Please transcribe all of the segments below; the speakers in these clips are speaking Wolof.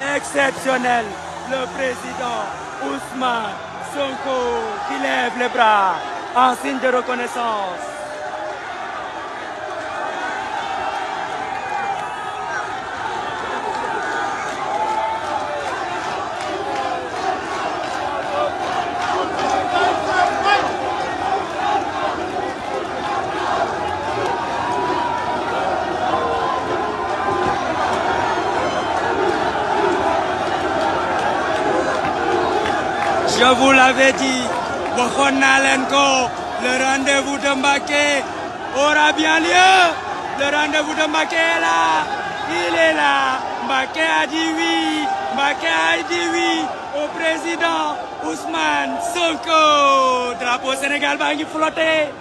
Exceptionnel, le président Ousmane Sonko qui lève les bras en signe de reconnaissance. Je vous l'avais dit, le rendez-vous de Mbaké aura bien lieu. Le rendez-vous de Mbaké est là. Il est là. Mbaké a dit oui. Mbaké a dit oui au président Ousmane Sonko. Drapeau Sénégal va flotter.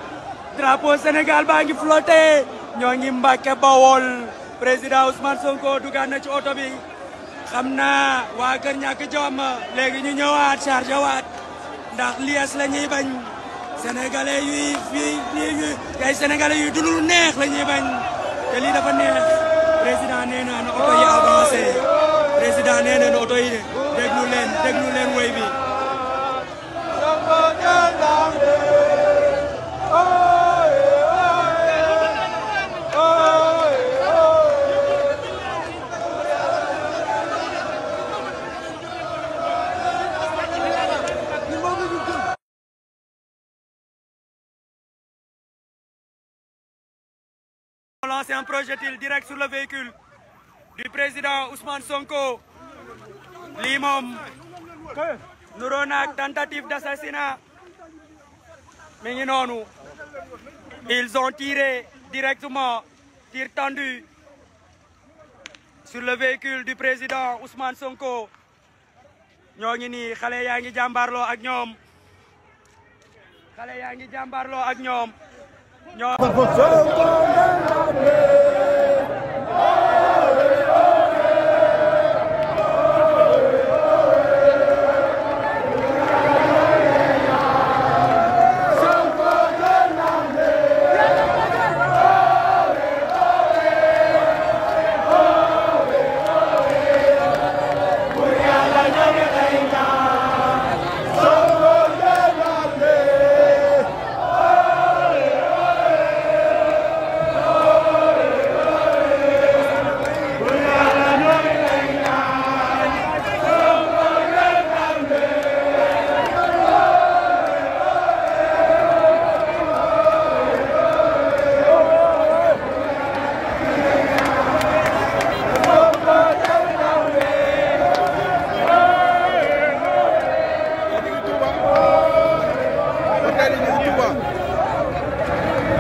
Drapeau Sénégal baa ngi flotté. ñoo ngi Mbaké Bawol président Ousmane Sonko nous na ci xam naa waa kër ñàkk jom léegi ñu ñëwaat chargé waat ndax lies la ñuy bañ sénégalais yuy fii fii ay sénégalais yuy dulul neex la ñuy bañ te dafa neex président nee na na oto yi avancé président nee oto yi déglu leen leen woy bi lancé un projectile direct sur le véhicule du président Ousmane Sonko Limom. Nouronak, tentative d'assassinat Mais ils ont tiré directement tir tendu sur le véhicule du président Ousmane Sonko ñoo ngi nii xale yaa ngi jàmbaarloo ak ak Nho.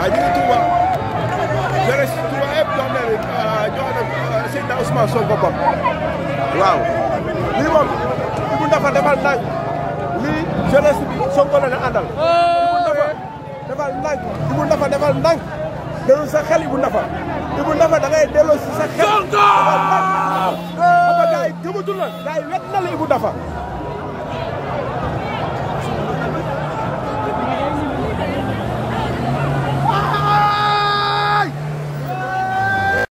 Touba jeunesse Touba yëpp jox na leen jox na Seydina Ousmane Sonko boppam waaw lii moom li mu defar defal ndànk lii jeunesse bi Sonko la ne àndal li mu defar ndànk li mu defar defal ndànk dellu sa xel yi bu defar li mu defar da ngay delloo si sa xel. Sonko defal ndànk xam nga gars yi gëmatul la gars yi wet na la bu defar